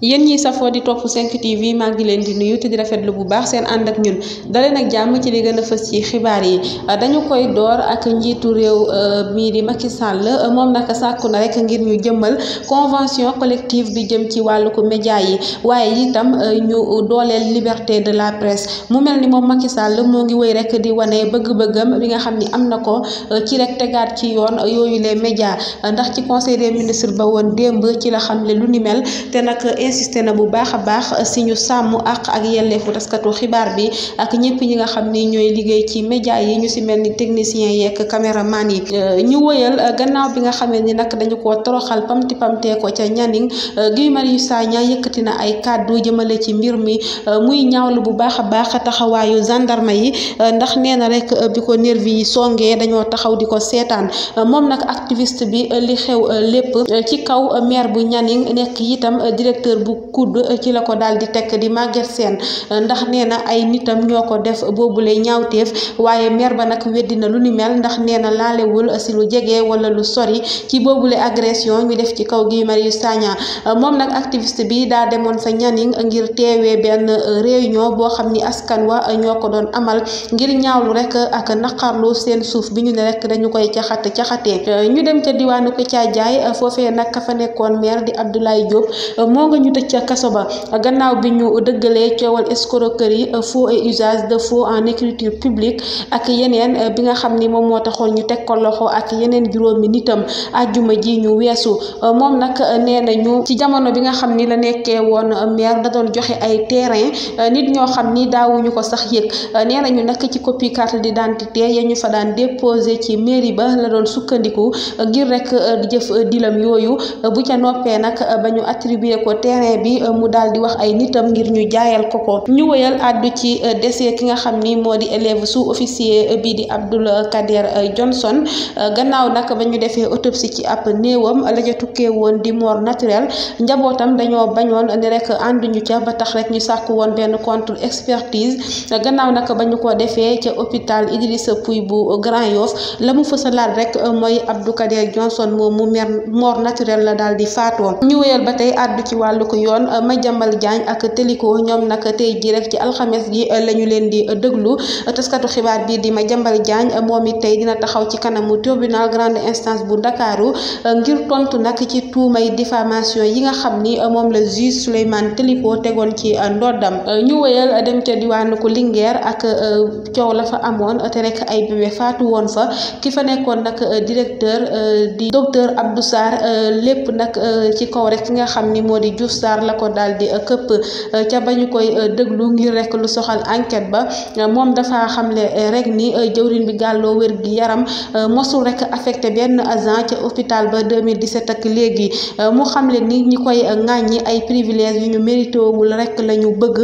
yéen ñi safoo di topp 5 TV maa ngi leen di nuyu te di rafetlu bu baax seen ànd ak ñun dalee nag jàmm ci li gën a fës yi xibaar yi dañu koy door ak njiitu réew euh, mii di makki sàll moom nag sàkku na rek ngir ñu jëmmal convention collective bi jëm ci wàllu ko média yi waaye itam euh, ñu dooleel liberté de la presse mu mel ni moom Macky sàll moo ngi wéy rek di wane bëgg-bëggam bi nga xam ni am na ko euh, ci rek tegaat ci yoon yooyu les médias ndax ci conseil des ba woon démb ci la xam lu ni mel insisté na bu baax a baax si ñu sàmm àq ak yelleefu taskatu xibaar bi ak ñëpp ñi nga xam ni ñooy liggéey ci média yi ñu si mel ni technicien yeeg caméraman yi euh, ñu woyal euh, gannaaw bi nga xamee ni nag dañu ko toroxal pamti pamtee ko ca ñaning euh, Guy Marius Sagna yëkkati na ay kàddu jëmale ci mbir mi muy ñaawlu bu baax a baax taxawaayu gendarme yi ndax nee na rek bi ko nervi yi songee dañoo taxaw di ko seetaan moom nag activiste bi li xew lépp ci kaw maire bu kudd eh, ci la ko daal di tekk di Maguette seen eh, ndax nee na ay nitam ñoo ko def boobule ñaawteef waaye meer ba nag weddi na lu ni mel ndax nee na laalewul eh, si lu jege wala lu sori ci boobule agression ñu def ci kaw gi Marius Sagna moom nag activiste bi daa demoon fa ñaning ngir teewee benn réunion boo xam ni askan wa ñoo ko doon amal ngir ñaawlu rek ak naqarlu seen suuf bi ñu ne rek dañu koy caxat caxatee ñu dem ca diwaanu Kër Thiadiaye foofee nag ka fa nekkoon maire di Abdoulaye Diop moo nga ñu tëj ca kaso ba gannaaw bi ñu dëggalee coowal escroquerie faux et usage de faux en écriture publique ak yeneen bi nga xam ni moom moo taxoon ñu teg ko loxo ak yeneen juróomi nitam àjjuma ji ñu weesu moom nag nee ñu ci jamono bi nga xam ni la nekkee woon maire da doon joxe ay terrain nit ñoo xam ni daawuñu ko sax yëg nee nañu nag ci copie carte d'identité ya ñu fa daan déposé ci mairie ba la doon sukkandiku ngir rek jëf dilam yooyu bu ca noppee terrain bi euh, daal di wax ay nitam ngir ñu jaayal ko ko ñu wëyal àddu ci euh, décès ki nga xam ni moo di élève sous officier euh, bii di Abdoul Kader Johnson gannaaw nag ba ñu defee autopsie ci ab néewam la ca tukkee woon di mort naturelle njabootam dañoo bañoon ni rek ànduñu ca ba tax rek ñu sàkk woon benn contre expertise gannaaw nag ba ñu ko defee ca hôpital Idrissa Pouye bu Grand Yoff la mu fësalaat rek mooy Abdou Kader Johnson moom mu mer mort naturelle la daal di faatoo ñu wëyal ba tey àddu ci wàllu ko yoon Madiambal Diagne ak Téliko ñoom nag tey ji rek ci alxames gi la ñu leen di déglu taskatu xibaar bii di Madiambal Diagne moom it tey dina taxaw ci kanamu tribunal grande instance bu Ndakaaru ngir tontu nag ci tuumay diffamation yi nga xam ni moom la juge Souleymane Téliko tegoon ci ndoddam ñu wëyal dem ca diwaanu ko Linguère ak coow la fa amoon te rek ay bébé faatu woon fa ki fa nekkoon nag directeur di docteur Abdou Sarr lépp nag ci kaw rek Sarr la ko daal di eh, këpp eh, ca ba ñu koy eh, déglu ngir rek lu soxal enquête ba moom dafa xamle rek ni jëwriñ bi gàlloo wér gi yaram mosul rek affecté benn agent ca hôpital ba 2017 ak léegi mu xamle ni ñi koy ŋàññi ay privilège yu ñu mérité wul rek la ñu bëgg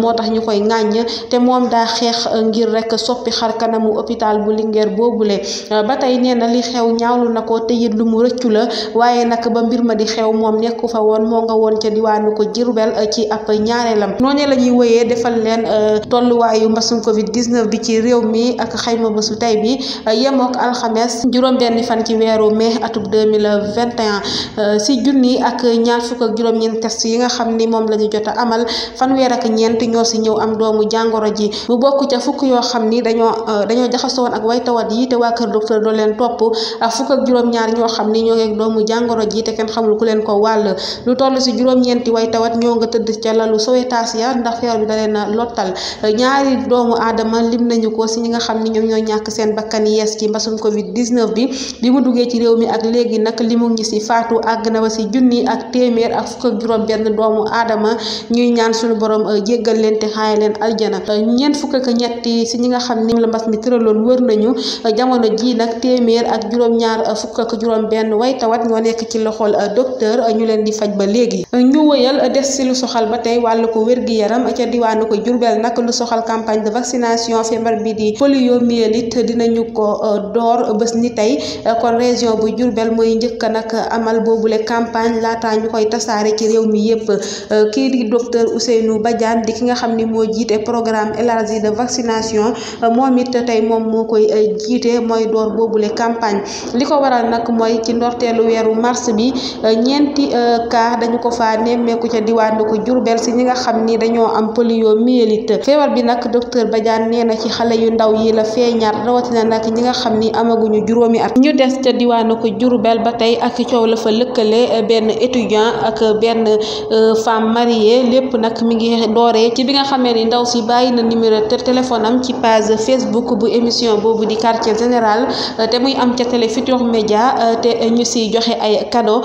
moo tax ñu koy ŋàññ te moom daa xeex ngir rek soppi xar kanamu hôpital bu Linguère boobule ba tey nee li xew ñaawlu na ko te lu mu rëccu la waaye nag ba mbir ma di xew moom nekku fa woon moo nga diwaanu ko Diourbel eh, ci ab ñaareelam noonee la ñuy wëyee defal leen eh, tolluwaayu mbasum Covid 19 bi ci réew mi ak xayma bésu tey bi eh, yemook alxames juróom-benn fan ci weeru mai atub 2021 si junni ak ñaar fukk ak juróom-ñeent test yi nga xam ni moom la ñu jot a amal fanweer ak ñeent ñoo si ñëw am doomu jàngoro ji mu bokk ca fukk yoo xam ni dañoo dañoo jaxasoo ak way tawat yi te waa kër docteur doo leen topp fukk ak juróom-ñaar ñoo xam ni ñoo ngeeg doomu jàngoro ji te kenn xamul ku leen ko wàll juróom-ñeenti way tawat ñoo nga teud ci lalu sowe tasiya ndax feebar bi da leen lottal ñaari doomu adama lim nañu ko si nga xamni ne ñoo ñak seen bakkan yes ci mbassum covid 19 bi bi mu duggé ci réew mi ak légui nak limu ngi ci faatu àgg na ba si junni ak témèr ak fukk ak benn doomu adama ñuy ñaan suñu borom euh, jéggal leen té xay leen aljana ñeent fukk ak ñetti si nga xamni la mbass mi tëraloon wër nañu jamono ji nak témèr ak juróom ñaar euh, fukk ak juróom benn way tawat ñoo nekk ci loxol euh, docteur ñu leen di faj ba légui ñu wëyal des si lu soxal ba tey wàllu ko wér-gi-yaram ca diwaanu ko Jurbel nag lu soxal campagne de vaccination feebar bi di poliomyélite dinañu ko euh, door bés ni tey kon résion bu Jurbel mooy njëkk nag amal boobule campagne laataa ñu koy tasaare ci réew mi yépp euh, kii di docteur Ousseynou Badiane di ki nga xam ni moo jiite programme élargi de vaccination euh, moom it tey moom moo koy jiite mooy door boobule campagne li ko waral nag mooy ci ndorteelu weeru mars bi nemmeeku ca diwaanu ko Jurbel si ñi nga xam ni dañoo am poliomyélite feebar bi nag docteur Badiane nee ci xale yu ndaw yi la feeñaat rawatina nag ñi nga xam ni amaguñu juróomi at ñu des ca diwaanu ko Jurbel ba tey ak coow la fa lëkkale benn étudiant ak benn euh, femme mariée lépp nag mi ngi dooree ci bi nga xamee ni ndaw si bàyyi na numéro téléphone am ci page Facebook bu émission boobu di quartier général euh, te muy am ca Télé Futurs Médias euh, te ñu siy joxe ay cadeau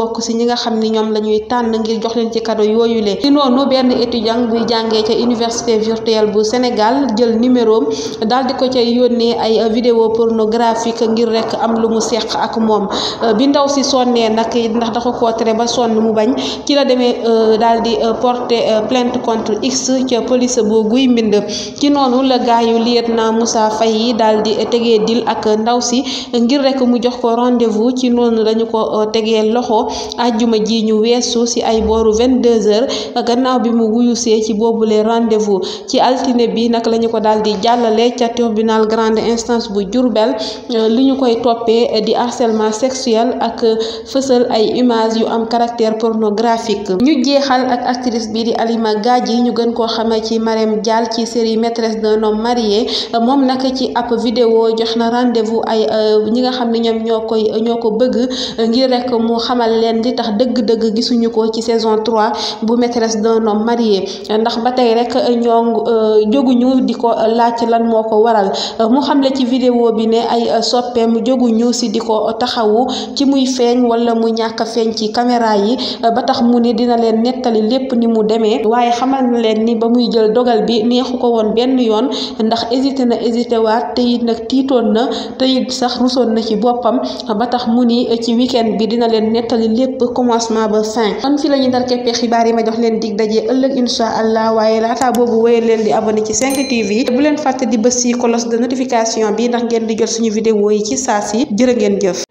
bokk si ñi nga xam ni ñoom la ñuy tànn ngir jox leen ci kado yooyu le ci noonu benn étudiant buy jàngee ca université virtuelle bu Sénégal jël numéroom daal di ko cay yónnee ay vidéo pornographique ngir rek am lu mu seq ak moom euh, bi ndaw si sonnee nag ndax dafa ko tere ba sonn mu bañ ci la demee euh, daal di euh, porter plainte contre X ca police bu guy mbind ci noonu la gaayu lieutenant Moussa Faye yi daal di tegee dil ak ndaw si ngir rekk mu jox ko rendez ci noonu dañu ko tegee loxo ajjuma ji ñu weesu ci ay booru 22h gannaaw bi mu wuyu see ci boobule rendez-vous ci altine bi nag la ñu ko daal di jàllale ca tribunal grande instance bu Diourbel euh, li ñu koy toppee di harcèlement sexuel ak fësal ay image yu am caractère pornographique ñu jeexal ak actrice bi di Halima yi ñu gën koo xamee ci Marème Dial ci série maîtresse d'un homme marié moom nag ci ab vidéo jox na rendez ay euh, ñi nga xam ne ñoom ñoo ko bëgg ngir leen li tax dëgg-dëgg gisuñu ko ci saison 3 bu maîtresse d'un homme marié ndax ba tey rek ñoo euh, jóguñu di ko laaj lan moo ko waral mu xamle ci vidéo bi ne ay euh, soppeem jóguñu si di ko taxawu ci muy feeñ wala mu ñàkk a feeñ ci caméra yi euh, ba tax mu ni dina leen nettali lépp ni mu deme waaye xamal na leen ni ba muy jël dogal bi neexu ko woon benn yoon ndax hésité na hésité waat te it nag tiitoon na te it sax rusoon na ci boppam ba tax mu ni ci weekend bi dina leen nettali lépp commencement ba fin kon fi la ñuy dar keppee xibaar yi ma jox leen dig dajee ëllëg incha allah waaye laataa boobu wéyal leen di abonné ci 5 TV bu leen fàtte di bës si cloche de notification bi ndax ngeen di jot suñu vidéo yi ci saa si jërë ngeen jëf